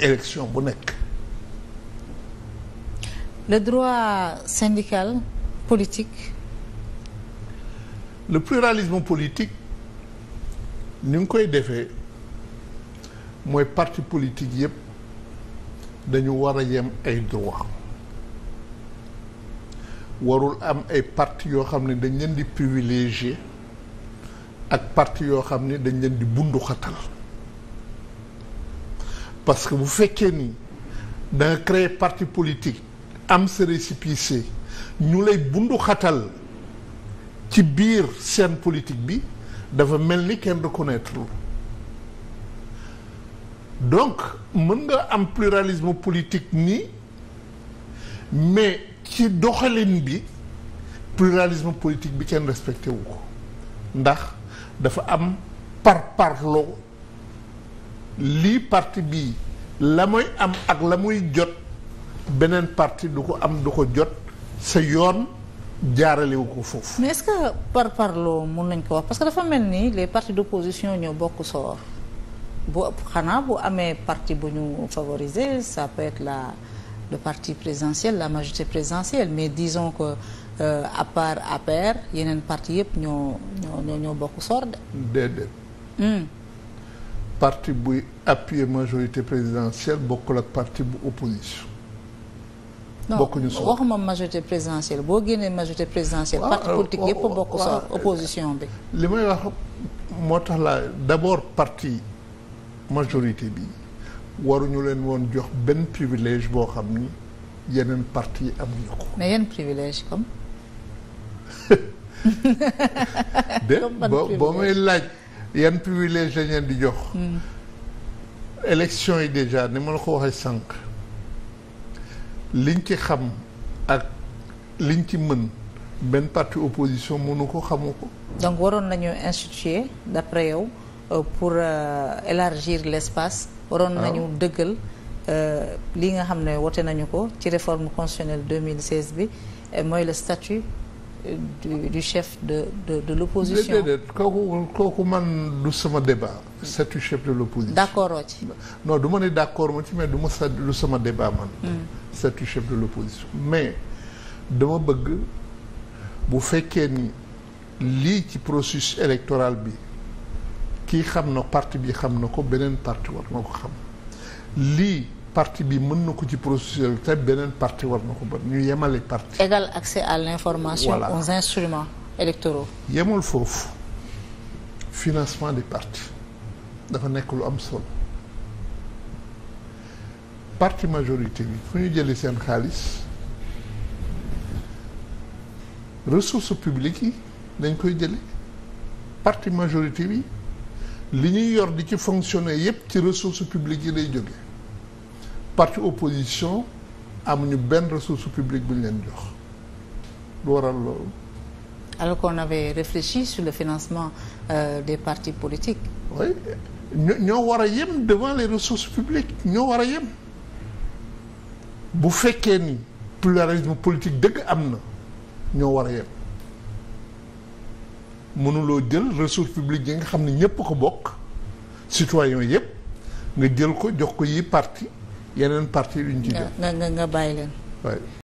élection bu nekk. le droit syndical politique. le pluralisme politique ni nga koy defee mooy parti politique yëpp dañu war a yem ay droit warul am ay parti yoo xam ne dañ leen di privilégier ak parti yoo xam ni dañ leen di bundu parce que bu fekkee nii da nga créer parti politique am sa récépissé ñu lay bunduxatal ci biir seen politique bi dafa mel ni kenn reconnaître donc mën nga am pluralisme politique nii mais ci doxalin bi pluralisme politique bi kenn respecté wu ko ndax dafa am par parloo lii parti bii la muy am ak la muy jot beneen parti du ko am du ko jot sa yoon jaaralewu ko foofu. mais est-ce que par parloo mun nañ ko wax parce que dafa mel ni les partis d'opposition ñoo bokk soor bu xanaa bu amee parti bu ñu favoriser ça peut la le parti présidentiel la majorité présidentielle mais disons que euh, à part APR yeneen parti yëpp ñoo ñoo bokk soor de. déedéet. Hmm. parti buy appuyer majorité présidentielle bokkul ak parti bu opposition. bokkuñu soo waxuma majorité présidentielle boo génnee majorité présidentielle. parti politique yëpp bokk sa opposition bi. li may wax moo tax la d'abord parti majorité bi waruñu leen woon jox benn privilège boo xam ni yeneen parti yi amuñu ko. mais yenn privilège comme. boo boo may laaj. yan privilège lañ leen di jox. élection yi déjà ni ma la ko waxee sànq liñ ci xam ak liñ ci mën benn parti opposition mënu ko xamu ko. donc waroon nañu instituer d'après yow euh, pour euh, élargir l'espace. waroon ah. nañu dëggal euh, lii nga xam ne wote nañu ko ci réforme constitutionnelle 2016 bi mooy le statut. du du chef de de de l'opposition déedéet kooku kooku man du sama débat statut chef de l'opposition d'accord ci non du ma ne d'accord ma ci mais du ma sa du sama débat man mm. statut chef de l'opposition mais dama bëgg bu fekkee ni lii ci processus électoral bi kii xam na parti bi xam na ko beneen parti war na ko xam lii parti bi mën na ko ci processus électoral beneen parti war na ko ba ñu yemale parti. égal accès à l'information voilà. aux instruments électoraux. yemul foofu financement des partis dafa nekk lu am sol parti majorité bi fu ñu jëlee seen xaalis ressources publiques yi dañ koy jëlee parti majorité bi li ñuy yor di ci fonctionner yépp ci ressources publiques yi lay jóge parti opposition amuñu benn ressource publique bu ñu leen jox lu waral loolu. alors qu'on avait réfléchi sur le financement euh, des partis politiques. oui ñoo war a yem devant les ressources publiques ñoo war a yem bu fekkee ni pluralisme politique dëgg am na ñoo war a yem mënuloo jël ressources publiques yi nga xam ne ñépp ko bokk citoyens yépp nga jël ko jox ko yi parti yeneen partie yu ñu ci def. nga nga bàyyi leen.